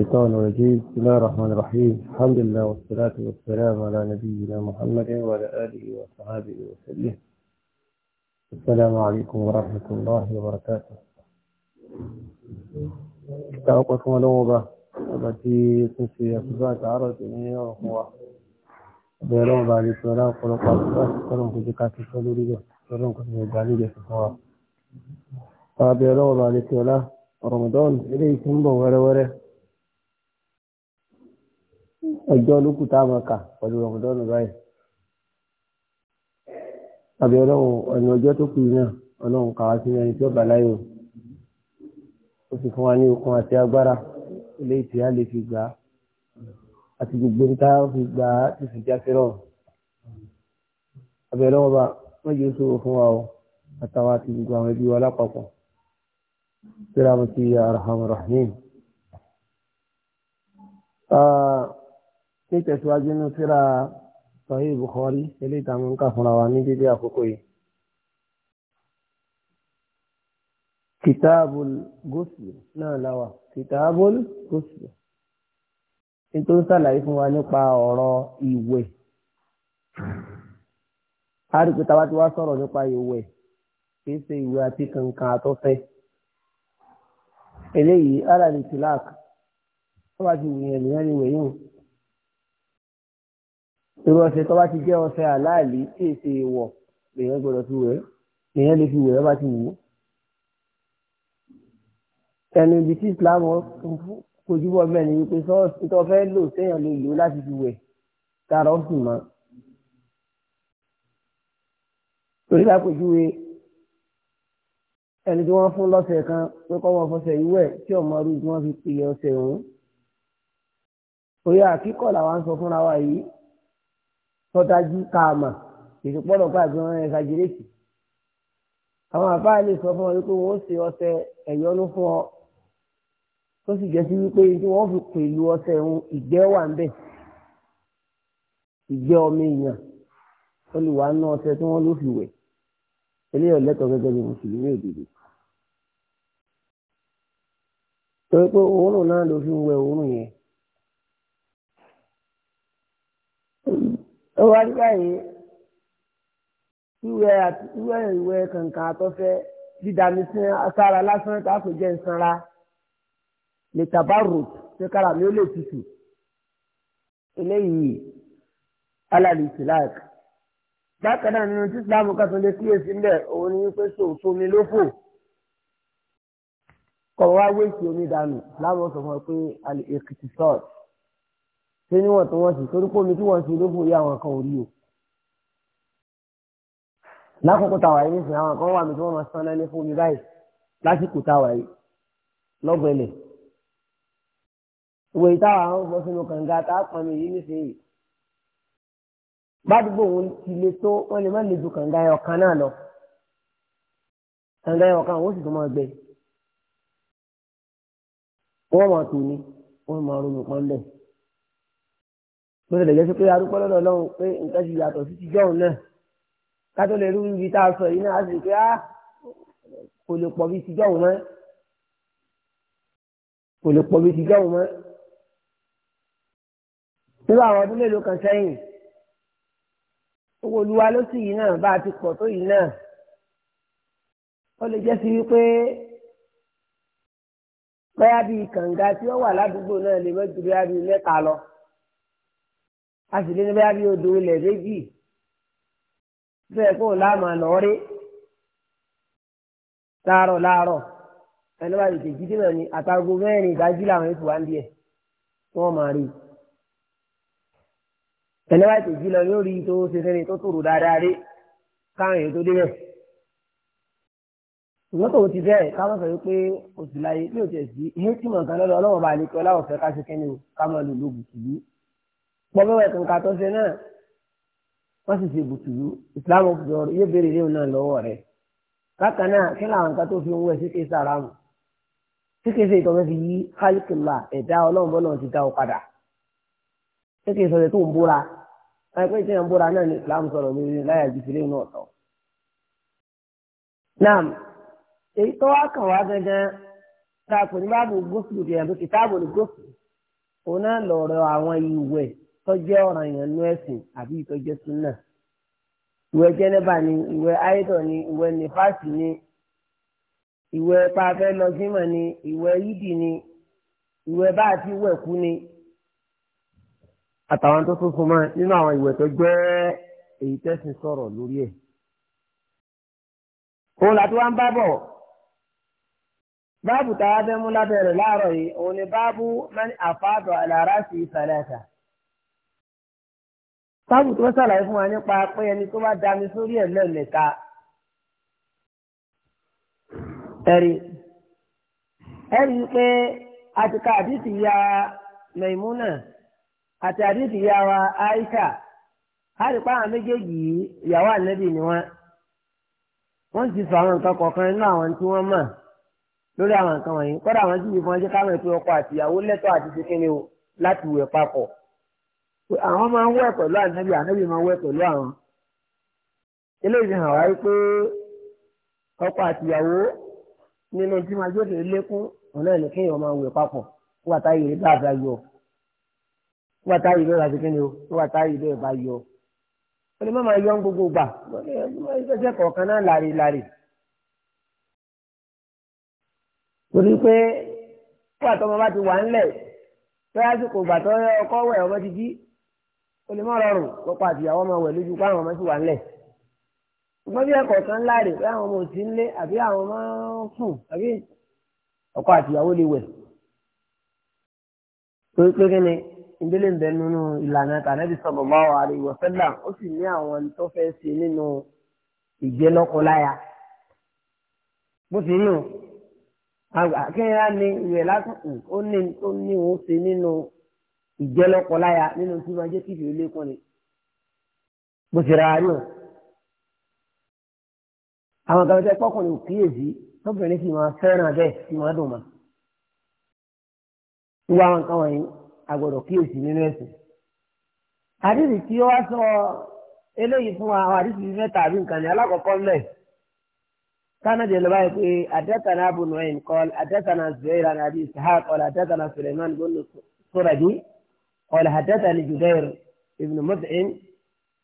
الشيطان الرجيم بسم الله الرحمن الرحيم الحمد لله والصلاة والسلام على نبينا محمد وعلى آله وصحابه وسلم السلام عليكم ورحمة الله وبركاته تعقكم الأوضة التي تنسي أصبات عرض إليه وهو بيرون بعد السلام قلوا قلوا قلوا كذكات السلولي قلوا كذكات السلولي قلوا بيرون بعد السلام رمضان إليه تنبو ولا ولا ọjọ́ olókù tá a máa kà pẹ̀lú rọ̀mọdọ́nù báyìí àbí ọlọ́run ọ̀nà ọjọ́ tó kù náà ọlọ́run kà wá sí ẹni tí ó bà láyò ó sì fún wa ní okun àti agbára eléyìí tí a lè fi gbà á àti gbogbo ní tá a fi gbà á ti fi jáfe rọ̀ àbí ọlọ́run bá wọ́n yóò ṣòro fún wa o àtàwọn àti gbogbo àwọn ẹbí wa lápapọ̀ síra mo ti rahim. Ah, ní tẹ̀síwájú ní síra Sahih Bukhari eléyìí tá a máa ń kà fúnra wa ní dédé àkókò yìí. Kitabul Ghusl náà láwà Kitabul Ghusl nítorí sàlàyé fún wa nípa ọ̀rọ̀ ìwẹ̀ a rí pé tá a bá ti wá sọ̀rọ̀ nípa ìwẹ̀ kì í ṣe ìwẹ̀ àti kankan àtọ́fẹ́ eléyìí alàlè tìláàkì tó bá ti wù yẹn lè yẹn lè wẹ̀ yóò irú ọṣẹ tó bá ti jẹ́ ọṣẹ aláàlí tí èsè wọ̀ lèèyàn gbọ́dọ̀ fi wẹ̀ lèèyàn lè fi wẹ̀ ọ́ bá ti wù ú. ẹnu ibi tí Islam kojú bọ́ bẹ́ẹ̀ ni wípé sọ́ọ̀sì tó fẹ́ lò séèyàn lè lò láti fi wẹ̀ tára ó sì mọ́. torí lápèjúwe ẹni tí wọ́n fún lọ́sẹ̀ kan pé kọ́ wọn fọṣẹ ìwẹ̀ tí ọmọ ọdún tí wọ́n fi pè ọṣẹ òun. òye àkíkọ̀ làwọn sọ fúnra wa yìí tọ́tajú káàmà ètò pọ́nọ̀ pàdé wọn ẹ̀ ṣàjẹ́rẹ́sì. àwọn àfáà lè sọ fún ọ wípé wọn ó ṣe ọṣẹ ẹ̀yọ́nú fún ọ tó sì jẹ́ sí wípé tí wọ́n fi pẹ̀lú ọṣẹ ìhun ìgbẹ́ wà ń bẹ̀ ìgbẹ́ ọmọ èèyàn ó lè wà ná ọṣẹ tí wọ́n ló fi wẹ̀ eléyàn lẹ́tọ̀ọ́ gẹ́gẹ́ bí mùsùlùmí òdìdí. torí pé òórùn náà ló fi ń wẹ òórùn yẹn ó wá rí báyìí ìwẹ̀ ìwẹ̀ ìwẹ̀ kankan àtọ́fẹ́ dídami sí asára lásán káàkó jẹ́ nsánra lè tàbá ròt ṣé kára mi ó lè tutù eléyìí alàlì ìsìláàk bákan náà nínú tí islam kan tún lè kíyèsí ńbẹ òun ni wípé sòsomi ló fò kọ̀ wá wéèkì omi dànù láwọn sọ fún ọ pé alì èkìtì sọ́ọ̀tì ṣé níwọ̀n tí wọ́n sì torí pé omi tí wọ́n sì ló fòye àwọn kan ò rí o. lákòókò táwa yìí nísìnyí àwọn kan wà mí tí wọ́n máa san lẹ́lẹ́ fún mi báyìí lásìkò táwa yìí lọ́gbẹ̀lẹ̀. ìwé ìtawà àwọn ọgbọ́n sínú kànga tá a pọn mi yìí nísìnyí. gbádùgbò òun ti le tó wọ́n lè má le ju kànga ẹ̀ ọ̀kan náà lọ. kànga ẹ̀ ọ̀kan òun sì tún máa gbẹ. wọ́n máa tò ní wọ́n máa ronú pọ́ńdẹ̀ bó tilẹ̀ jẹ́ sí pé arúgbó lọ́dọ̀ ọlọ́run pé nǹkan ti yàtọ̀ sí ti jọ́hún náà ká tó lè rú ibi tá a sọ yìí náà á sì pé á ah, kò lè pọ̀ bí ti jọ́hún mọ́ kò lè pọ̀ bí ti jọ́hún mọ́ nínú àwọn ọdún mélòó kan sẹ́yìn owó olúwa ló sì yìí náà bá a ti pọ̀ tó yìí náà ó lè jẹ́ sí wípé bóyá bíi kànga tí ó wà ládùúgbò náà lè mọ́jú bóyá bíi mẹ́ta lọ a sì lé ní báyà bí odò ilẹ̀ méjì bẹ́ẹ̀ kó láàmú àlọ́rí láàárọ̀ láàárọ̀ ẹni bá lè tèjì dínà ní àtàgò mẹ́rin ìdájí làwọn ètò wá ń díẹ̀ tí wọ́n máa rí ẹni bá tèjì lọ yóò rí tó ṣe sẹ́ni tó tòrò dáadáa rí káwọn èèyàn tó dé bẹ́ẹ̀ ṣùgbọ́n tòun ti bẹ́ẹ̀ ká mọ̀ sọ pé oṣù láyé bí òtí ẹ̀ sí ihe tí mọ̀ nǹkan lọ́dọ̀ ọlọ́wọ́ bá lè kọ́ láwọ̀ fẹ́ ká ṣe kẹ́ni o ká mọ̀ lò lóògùn tìlú pọ́nbẹ́wẹ̀ tó ń ka tó ṣe náà wọ́n sì ṣe bùtùlù ìsìláàmù fúdọ̀rọ̀ yóò béèrè léwu náà lọ́wọ́ rẹ̀ bákan náà kí làwọn nǹkan tó fi ń wẹ̀ sí kí sàrámù sí kí sèyí tó fẹ́ fi yí kálíkìlà ẹ̀dá ọlọ́run bọ́lọ́run ti dá ọ padà sí kí sọ̀rọ̀ tó ń búra láì pé ìtẹ̀yàn búra náà ní ìsìláàmù sọ̀rọ̀ lórí láyà jìfìlẹ̀ náà tọ̀. naam èyí tó wá kàn wá gangan tá bá bò gòsùlù kìyàn tó kìtàbò òun náà lọ̀rọ̀ àwọn ìwẹ̀ tọ́jẹ́ ọ̀ràn yẹn nú ẹ̀sìn àbí ìtọ́jẹ́ súnà ìwẹ̀ jẹ́nẹ́bà ni ìwẹ̀ áyédọ̀ ni ìwẹ̀ nífàsì ni ìwẹ̀ pàfẹ́ lọ́símọ̀ ni ìwẹ̀ yídì ni ìwẹ̀ bá àti ìwẹ̀ kú ni àtàwọn tó tún súnmọ́ nínú àwọn ìwẹ̀ tó jẹ́ èyí tẹ́sìn sọ̀rọ̀ lórí ẹ̀. òun làtí wá ń bá bọ̀ báàbù tá a fẹ́ mú lábẹ́ láàárọ̀ yìí òun ni báàbù mẹ́ni àfáàdọ̀ àlàárá sí ìsàlẹ̀ àṣà. táàbù tó ṣàlàyé fún wa nípa pé ẹni tó bá dami sórí ẹ̀ lẹ́ẹ̀mẹ́ta ẹ̀rí ẹ̀rí pé àti ka àdìsí ya Maimuna àti àdìsí ya wa Aisha àti pa àwọn méjèèjì yìí ìyàwó ànábì ni wọn wọn sì sọ àwọn nǹkan kọ̀ọ̀kan nínú àwọn tí wọ́n mọ̀ lórí àwọn nǹkan wọ̀nyí kọ́dà àwọn tí yìí fún ọjọ́ káwọn ètò lẹ́tọ̀ọ́ àti ṣe o láti papọ̀. àwọn máa ń wẹ̀ pẹ̀lú ànábì ànábì máa ń wẹ̀ pẹ̀lú àwọn. eléyìí hàn wáyé pé ọkọ àtìyàwó nínú tí máa lékún ọ̀nà kéèyàn máa wẹ̀ papọ̀ bá yọ bá ti bá yọ. náà láre láre. torí pé bá ti wà ńlẹ̀ tó yá sí kò gbà tó ọmọ ti o lè má rọrùn kópa àtìyàwó máa wẹ̀ lójú káwọn ọmọ sì wà ńlẹ̀ ṣùgbọ́n bí ẹ̀kọ́ kan ńlá rè pé àwọn ọmọ ò sí ńlé àbí àwọn ọmọ ń fún àbí ọkọ àtìyàwó lè wẹ̀ torí pé kí ni ìdílé ń bẹ nínú ìlànà tànẹ́bí sallallahu alaihi wa sallam ó sì ní àwọn tó fẹ́ ṣe nínú ìgbélọ́kọláya bó ti nù àgbà kí ni á ní ìwẹ̀ lásán ó ní òun ṣe nínú ìjẹ́lọ́kọláya nínú tí máa jẹ́ kíbi olékún ni bó ti ra náà àwọn àgbàbẹ́tẹ́ pọ́kùnrin ò kíyèsí lóbìnrin sì máa fẹ́ràn bẹ́ẹ̀ sì máa dùn mà wíwá àwọn nǹkan wọ̀nyí a gbọ́dọ̀ kíyèsí nínú ẹ̀sìn àdìsí tí ó wá sọ eléyìí fún wa àwọn àdìsí mẹ́ta àbí nǹkan ní alákọ̀ọ́kọ́ mẹ́ẹ̀ كان جلباي في حدثنا ابو نعيم قال حدثنا زهير عن ابي اسحاق قال حدثنا سليمان بن سرجي قال حدثني جبير بن مدعم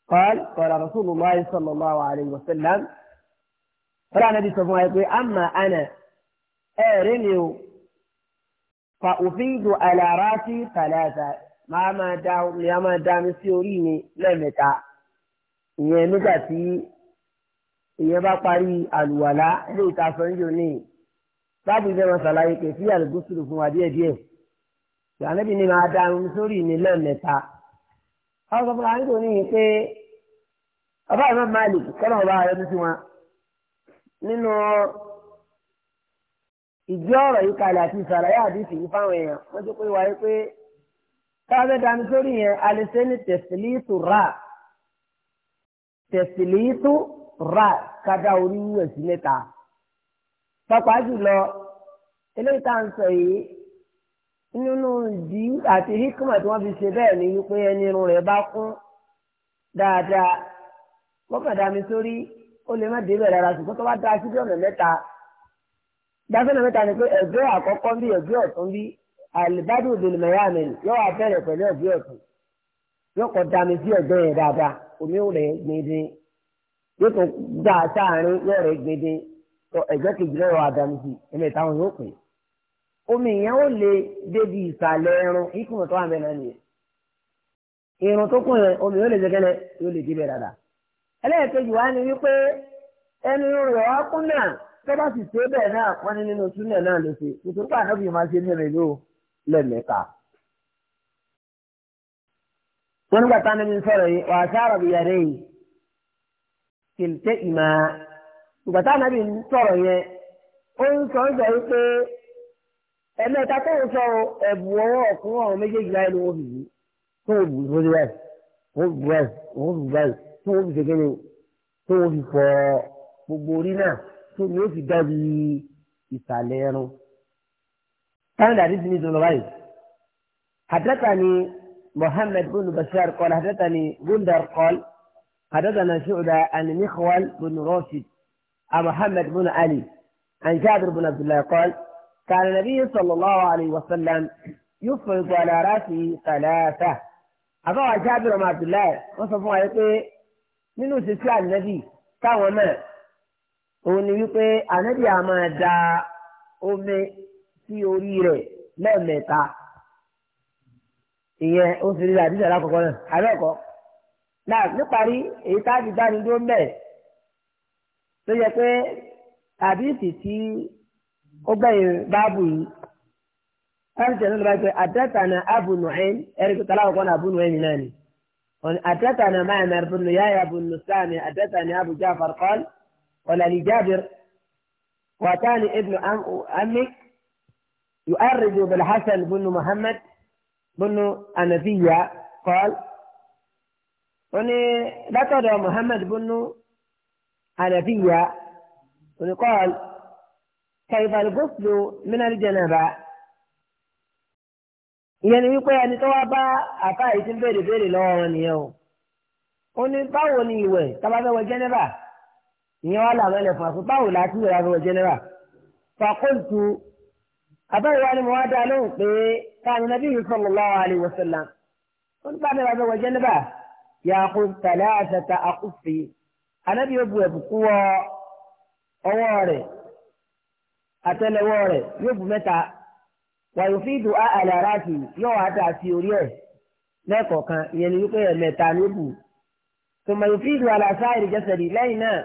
قال قال رسول الله صلى الله عليه وسلم قال النبي صلى الله عليه وسلم أما أنا أرني فأفيد على راسي ثلاثة ما ما دام يا ما دام سيوريني لمتا ìyẹn nígbà tí ìyẹn bá parí àlùwàlá ilé ìtasọ̀ ń yòó ní báàbí ìjọba ṣàlàyé kẹfí àlùbùsùlù fún wa díẹ̀díẹ̀ ìyànlẹ́bí ni máa darun sórí mi lẹ́ẹ̀mẹ́ta àwọn ọmọ àwọn ìdòwò nìyí pé ọba ìmọ̀ Malik kọ́nà ọba rẹ̀ tuntun wọn nínú ìjọ ọ̀rọ̀ yìí kalẹ̀ àti ìsàlàyé àdìsí yìí fáwọn èèyàn wọ́n jẹ́ pé wáyé pé káfẹ́ dání sórí yẹn alẹ́sẹ́ ní tẹ̀sílítù rà tẹ̀sílítù rà kádà orí wíwẹ̀ sí mẹ́ta pàápàá jùlọ eléyìí tá à ń sọ yìí nínú ìdí àti hikima tí wọ́n fi ṣe bẹ́ẹ̀ ni wípé ẹni irun rẹ̀ bá kún dáadáa mọ́kàndá mi sórí ó lè má débẹ̀ rárá ṣùgbọ́n tó bá dá sí bí ọ̀nà mẹ́ta dáfẹ́nà mẹ́ta ni pé ẹ̀gbẹ́ àkọ́kọ́ bí ẹ̀gbẹ́ ọ̀tún bí àlìbádùn òdòdó mẹ́yàmì yóò wá bẹ̀rẹ̀ pẹ̀lú ẹ̀gbẹ́ ọ̀tún yóò kọ́ da mi sí ẹ̀gbẹ́ yẹn dáadáa omi ò rẹ̀ gbèdé yóò tún gbà sáàárín yóò rẹ̀ gbèdé ẹ̀gbẹ́ kejì lọ́wọ́ àdámùsì ẹ̀mẹ́ta wọn yóò pè é. omi yẹn ó le débi ìsàlẹ̀ ẹrun ikùn tó wà bẹ́ẹ̀ na nìyẹn irun tó kún yẹn omi yóò lè jẹ́gẹ́lẹ́ yóò lè débẹ̀ dáadáa ẹlẹ́ẹ̀kejì wá wípé ẹnu rẹ̀ wá kún náà tó sì ṣe bẹ́ẹ̀ náà wọ́n ní nínú súnlẹ̀ náà ló ṣe bí máa ṣe ní ẹ̀rẹ̀ yóò wọ́n nígbà sọ̀rọ̀ yìí bí yàrá yìí ìmọ̀ ìgbà sọ̀rọ̀ yẹn ẹ̀mẹ́ta tó ń sọ ẹ̀bù ọwọ́ ọ̀kún ọ̀rọ̀ méjèèjì láyé ló wọ́n fi yí tó wọ́n fi fún báyìí wọ́n fi báyìí wọ́n fi báyìí tó wọ́n fi ṣèkéde tó wọ́n fi fọ gbogbo orí náà tó ni ó fi dábì ìsàlẹ̀ ẹran. táwọn dàdí ti ní ìdùnnú báyìí àdẹ́ta ni mohammed bin bashar kọ́l àdẹ́ta ni gundar kọ́l àdẹ́ta na ṣùgbọ́n àni mikhwal bin rashid a mohammed bin ali an jabir bin abdullahi kọ́l. كان النبي صلى الله عليه وسلم يفرض على رأسه ثلاثة àbáwá jábìrì ọmọ abdullahi wọn sọ fún wa pé nínú ìṣesí ànábì táwọn náà òun ni wípé ànábì á máa da omi sí orí rẹ̀ lẹ́ẹ̀mẹ́ta ìyẹn ó fi rí àdìsẹ lákòókò náà àbẹ́ẹ̀kọ́ náà níparí èyí táàbì dání dúró mẹ́ẹ̀ tó yẹ pé àdìsí tí ó gbẹ̀yìn báàbù yìí ẹni tẹ̀lé ló bá pẹ́ àtẹ́tànà abu nuhaim ẹ̀rí pé kàláwọ̀ kọ́nà abu nuhaim náà ni wọn àtẹ́tànà máa nà ẹ̀rọ ya ya abu nusani àtẹ́tànà abu jafar qal wala li jabir wàtàni ibnu ami يؤرد بالحسن بن محمد بن أنفية قال وني ذكر محمد بن أنفية وني قال kàìbàlùgọ́sùlù mínàlì jẹnẹba ìyẹn ni wípé ẹni tó wá bá àká yìí ti ń béèrè béèrè lọ́wọ́ wọn nìyẹn o ó ní báwo ni ìwẹ̀ tábàfẹ́ wọ jẹnẹba ìyẹn wà láwọn ẹlẹ́fọ̀n àpò báwo la ti ìwẹ̀ wọ jẹnẹba fàkóńtù àbẹ́rẹ́ wa ni mo wá dá lóhùn pé káàní nàbí yìí sallallahu alaihi wasallam ó ní báwo la wọ jẹnẹba yàkó tàlẹ́ àtàtà àkúfì ànábì ó bu ẹ̀bùkú wọ ọwọ́ rẹ̀ àtẹ́lẹwọ́ rẹ̀ yóò bu mẹ́ta wàyòfíìdù àlàráàtì yóò wá dà sí orí ẹ̀ lẹ́ẹ̀kọ̀ọ̀kan ìyẹn ni wípé ẹ̀mẹ́ta ló bù tòmọ̀ yòfíìdù àlàsáìrì jẹsẹ̀rì lẹ́yìn náà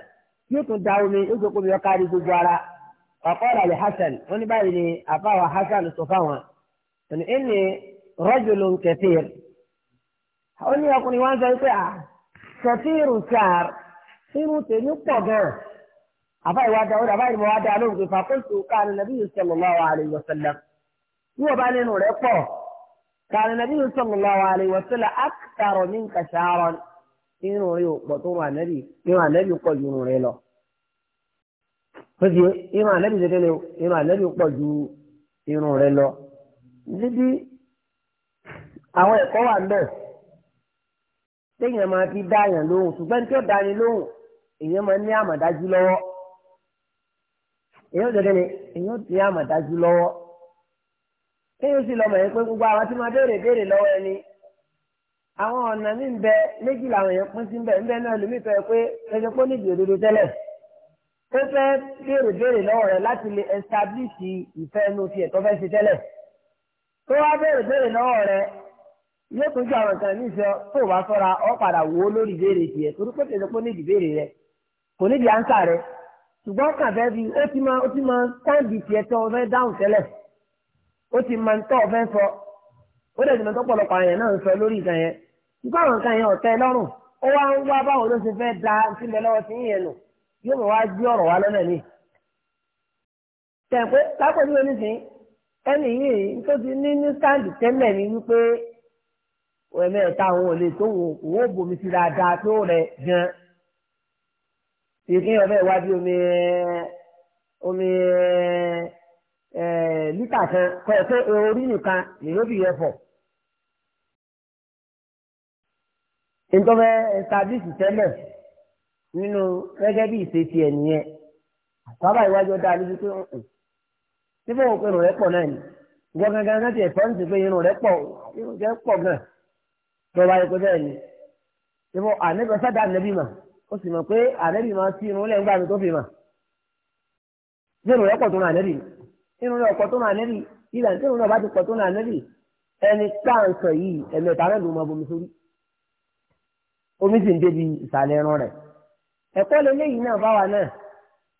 yóò tún da omi yóò tún kóbi ọkàrí gbogbo ara ọ̀kọ́ra lè hasan wọ́n ní báyìí ni àbáwá hasan sọ fáwọn ẹni ẹni rọ́jòló kẹfìr ó ní ọkùnrin wá sọ wípé à kẹfìrù sáà irun tèmi pọ̀ gan àfa ìwà dáwọ́dà àfa ìwà dáa lóhùn pé fàkóso káàní nàbí sallallahu alaihi wasallam bí wọ́n bá nínú rẹ̀ pọ̀ káàní nàbí sallallahu alaihi wasallam akthara minka sha'ran nínú rẹ̀ ò pọ̀ tó nínú ànábì pọ̀ ju rẹ̀ lọ. Fẹ́sì irun ànábì ṣẹ́kẹ́ ni ànábì pọ̀ ju irun rẹ̀ lọ. Níbi àwọn ẹ̀kọ́ wà ńbẹ̀ téèyàn máa fi dá lóhùn ṣùgbọ́n tí ó dáni lóhùn èèyàn máa ní àmọ̀dájú lọ́wọ́. èyàn gẹ́gẹ́ ni èyàn ti àmọ̀dájú lọ́wọ́ kéèyàn sì lọ́mọ yẹn pé gbogbo àwọn tí máa béèrè béèrè lọ́wọ́ ẹni àwọn ọ̀nà mi ń bẹ méjì làwọn bẹ ń bẹ náà lómi pé òdodo tẹ́lẹ̀ ó fẹ́ béèrè béèrè lọ́wọ́ láti lè ìfẹ́ inú fẹ́ ṣe tẹ́lẹ̀ tó wá béèrè béèrè lọ́wọ́ yóò tún àwọn ní ìfẹ́ tó padà wò ó lórí tiẹ̀ torí ṣùgbọ́n kàfẹ́ bí ó ti máa ó ti máa táǹdì tiẹ̀ tọ́ ọfẹ́ dáhùn tẹ́lẹ̀ ó ti máa ń tọ́ ọfẹ́ sọ ó dẹ̀ ti máa tọ́pọ̀lọpọ̀ àyàn náà ń sọ lórí ìkan yẹn ṣùgbọ́n àwọn nǹkan yẹn ọ̀tẹ́ lọ́rùn ó wá ń wá báwo ló ṣe fẹ́ da sílẹ̀ lọ́wọ́ sí yẹn nù yóò mọ̀ wá gbé ọ̀rọ̀ wá lọ́nà mi. tẹ̀pẹ́ lápẹ̀lú oníṣìn ẹnì yìí tó ti ní ní sáǹdì tẹ́lẹ̀ ni wípé ẹ̀mẹ́ta òun ò lè tó òun òun ò bomi sí dáadáa tó rẹ̀ gan-an ìpín ọ̀fẹ́ ìwádìí omi omi lítà kan kọ́ ẹ̀ pé orí nìkan nìyó bì yẹ fọ̀. ntọ́fẹ́ ẹ̀stábíìsì tẹ́lẹ̀ nínú gẹ́gẹ́ bí ìṣesí ẹ̀ nìyẹn bàbá ìwájú ọ̀dà níbi pé irun rẹ̀ pọ̀ náà ni wọ́n gangan náà ti ẹ̀fọ́ ní pé irun rẹ̀ pọ̀ irun rẹ̀ pọ̀ gan-an tó wáyé pé bẹ́ẹ̀ ni síbò àníbẹ̀sádà nẹ́bí mà ó sì mọ̀ pé ànẹ́bì máa sí irun lẹ́yìn gbàgbé tó fi mà bí irun rẹ̀ pọ̀ tó nà ànẹ́bì irun rẹ̀ pọ̀ tó nà ànẹ́bì ìlànà tí irun rẹ̀ bá ti pọ̀ tó nà ànẹ́bì ẹni táǹsọ̀ yìí ẹ̀mẹ̀ta rẹ̀ ló máa bomi sórí omi sì ń débi ìsàlẹ̀ ẹran rẹ̀ ẹ̀kọ́ lélẹ́yìn náà báwa náà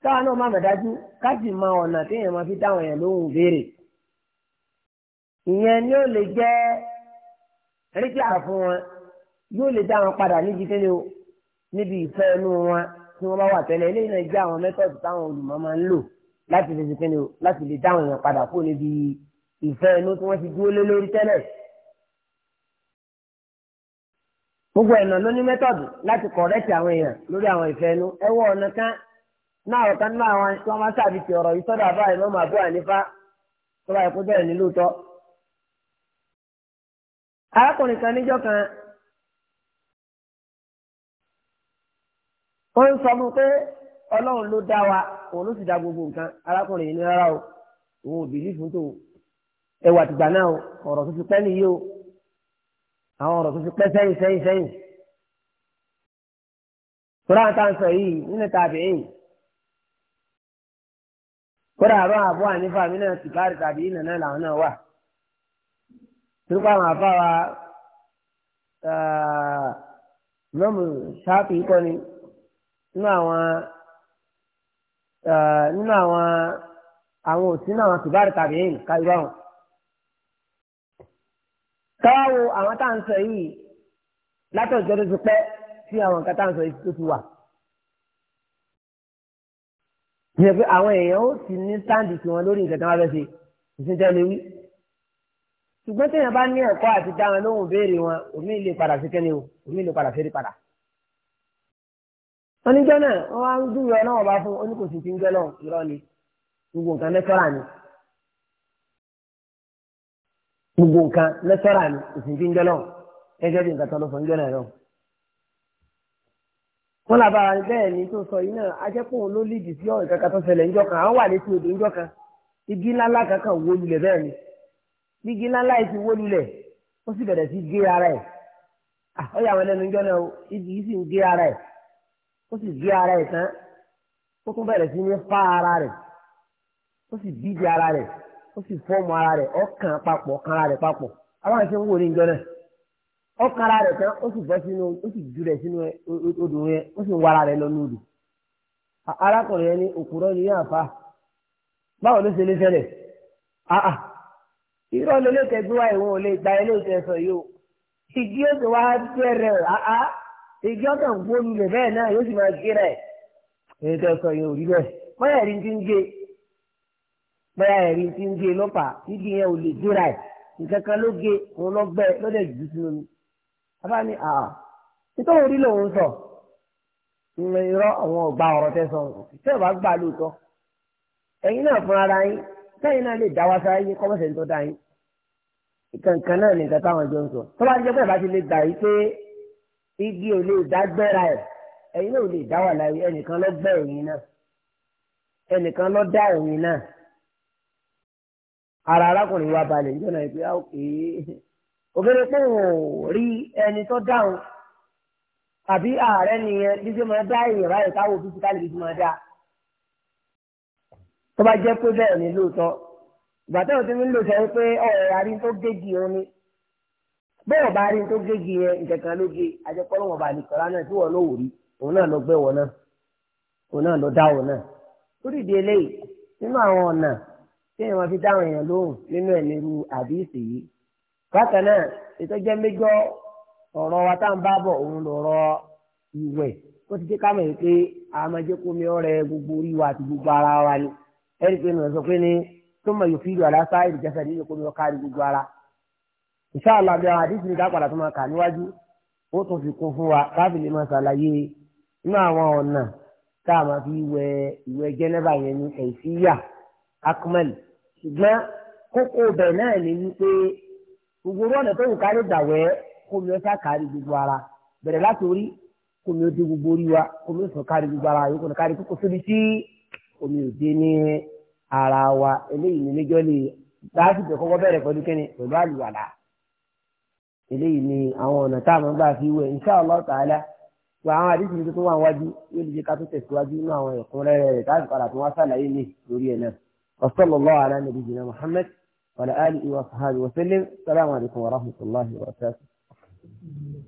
káwa náà má mọ̀ dájú ká sì mọ ọ̀nà téèyàn máa fi dáhùn yẹn lóhùn béèrè ìyẹn ni ó lè jẹ́ ríkì níbi ìfẹ́ ẹnu wọn tí wọ́n bá wà tẹ́lẹ̀ eléyìí náà jẹ́ àwọn mẹ́tọ̀dù táwọn olùmọ̀ máa ń lò láti lè sèkéne o láti lè dáhùn èèyàn padà kó níbi ìfẹ́ ẹnu tí wọ́n ti dúró lé lórí tẹ́lẹ̀. gbogbo ẹ̀nà ló ní mẹ́tọ̀dù láti kọ̀rẹ́tì àwọn èèyàn lórí àwọn ìfẹ́ ẹnu ẹ wọ ọ̀nà kan náà ọ̀kan náà àwọn tí wọ́n máa sàbí ti ọ̀rọ̀ ìsọdọ̀ àbá ìmọ̀ màbú ànífá tó bá yẹ wọ́n ń sọ fún pé ọlọ́run ló dá wa òun ló sì dá gbogbo nǹkan arákùnrin yìí ní rárá o òun ò bìlí fún tòun ẹwà tìgbà náà o ọ̀rọ̀ tó fi pẹ́ nìyí o àwọn ọ̀rọ̀ tó fi pẹ́ sẹ́yìn sẹ́yìn sẹ́yìn. Tóra ta ń sọ yìí nínú tàbí èyí. Kódà àrùn àbọ̀ ànífà mí náà tìkáàrí tàbí ìnà náà làwọn náà wà. Tókọ́ àwọn àfáwà lọ́mù ṣáàpì kọ́ni nínú àwọn eh, nínú àwọn àwọn òsín náà wọn tìbáàrì tàbí ẹ̀yìn káyọ̀ àwọn. káwáwo àwọn tá à ń sọ yìí látọ̀jọ́ tó ti pẹ́ sí àwọn nǹkan tá à ń sọ yìí tó ti wà. ìyẹn pé àwọn èèyàn ó sì ní sáǹdì tiwọn lórí nǹkan tí wọ́n fẹ́ ṣe ìṣẹ́jẹ́ lè wí ṣùgbọ́n téèyàn bá ní ẹ̀kọ́ àti dáhùn lóhùn béèrè wọn omi lè padà sí kẹ́ni o omi lè padà sí padà. oníjọ́ náà wọ́n wá ń dúró ẹ náà wọ́n bá fún ń náà irọ́ ni gbogbo nǹkan nẹ́tọ́rà ni gbogbo nǹkan nẹ́tọ́rà ni òsì ń jẹ́ náà bí nǹkan tó lọ sọ jẹ́ náà wọ́n làbá bẹ́ẹ̀ ni tó sọ yìí náà ajẹ́pọ̀n ló sí kankan tó ṣẹlẹ̀ ńjọ́ kan àwọn wà létí odò ńjọ́ igi ńláńlá kankan wó lulẹ̀ bẹ́ẹ̀ ni ara ó sì bí ara ẹ̀ tán ó tún bẹ̀rẹ̀ sí ní fá ara rẹ̀ ó sì bíbi ara rẹ̀ ó sì fọ́ọ̀mù ara rẹ̀ ọkàn papọ̀ ọkàn ara rẹ̀ papọ̀ àwọn àti ìwòrán ìjọ náà ọkàn ara rẹ̀ tán ó sì bọ́ sínú ó sì ju rẹ̀ sínú odò yẹn ó sì ń wá ara rẹ̀ lọ ní odò arákùnrin yẹn ní òkúrọ́ ni yóò àfa báwo ló ṣe lé ṣẹlẹ̀ àà irọ́ ló lè tẹ́jú wa ìwọ̀n ò lè gba ilé ìtẹ̀sọ̀ yìí o ìdí òṣèwà bẹ̀rẹ̀ àà igi ọkàn gbó lulẹ̀ bẹ́ẹ̀ náà yóò sì máa gé rẹ̀ èyí tó sọ yẹn ò rí bẹ́ẹ̀ bóyá ẹ̀rí ti ń gé bóyá ẹ̀rí ti ń gé lọ́pàá igi yẹn ò lè gé rẹ̀ nǹkan kan ló gé òun lọ gbẹ lọ́dẹ̀ jù sínú mi bàbá mi à nítorí orí lòun sọ ìrìn irọ́ àwọn ọ̀gbà ọ̀rọ̀ tẹ sọ tẹ́ ẹ̀ gbà lóòótọ́ ẹ̀yin náà fúnra ara yín sẹ́yìn náà lè dá wa sára yín kọ́mọ̀sẹ̀ ń tọ́ da yín ìkànkàn náà nìkan táwọn jọ ń sọ tó jẹ́ pé ìbá ti lè gbà yí pé igi ò lè dágbẹ́ra ẹ̀ ẹ̀yin náà ò lè dá wà láyé ẹnìkan ló gbẹ́ ẹ̀yin náà ẹnìkan ló dá ẹ̀yin náà ara arákùnrin wa balẹ̀ níjọ́ náà pé ókè ah, òkèrè pé wọn ò rí ẹni tó dáhùn àbí ààrẹ nìyẹn bí ṣe máa dá èèyàn báyìí táwọn òfìsì káàlì bí ṣe máa dá tó bá jẹ́ pé bẹ́ẹ̀ ni lóòótọ́ ìgbà táwọn ti ń lò sẹ́yìn pé ọ̀rẹ́ àrí tó géjì òun ni bẹ́ẹ̀ bá rí tó gégi yẹn ìkẹ̀kẹ́ ló gé wọn bá ní kọ́lá náà tí wọ́n ló wò rí òun náà ló gbé wọn náà òun náà eléyìí nínú àwọn ọ̀nà tí fi dáhùn èèyàn lóhùn nínú ẹ̀ lérú àbí yìí bákan náà ètò ọ̀rọ̀ wa tá à ń bá bọ̀ ìṣáàlà bí àwọn àdìsí ìdá padà tó máa kà níwájú ó tún fi kún fún wa káfí lè máa ṣàlàyé inú àwọn ọ̀nà tá a máa fi wẹ ìwẹ jẹnẹba yẹn ní ẹ̀síyà akmel ṣùgbọ́n kókó bẹ̀ náà ni wípé gbogbo ọ̀nà tó ń kárí dàwẹ́ kómi ọ̀sá kárí gbogbo ara bẹ̀rẹ̀ láti orí kómi ó dé gbogbo orí wa kómi ó sọ kárí gbogbo ara yòókù ní kárí kókó síbi tí omi ò dé ní ara wa eléyìí ní méjọ́ lè dáàbò kọ́kọ́ bẹ̀rẹ̀ pẹ̀lú kẹ́ni pẹ̀lú àlùwàlà eléyìí ni àwọn ọ̀nà tá a máa ń gbà fi wẹ̀ insha Allah ta'ala gba àwọn àdìsí mi tó wà wájú yóò lè jẹ́ ká tó tẹ̀síwájú nínú àwọn ẹ̀kúnrẹ́rẹ́ rẹ̀ láti padà tó wá sàlàyé mi lórí ẹ̀ náà wa sallallahu ala nabiyyina Muhammad wa ala alihi wa sahbihi wa sallam salamu alaykum wa rahmatullahi wa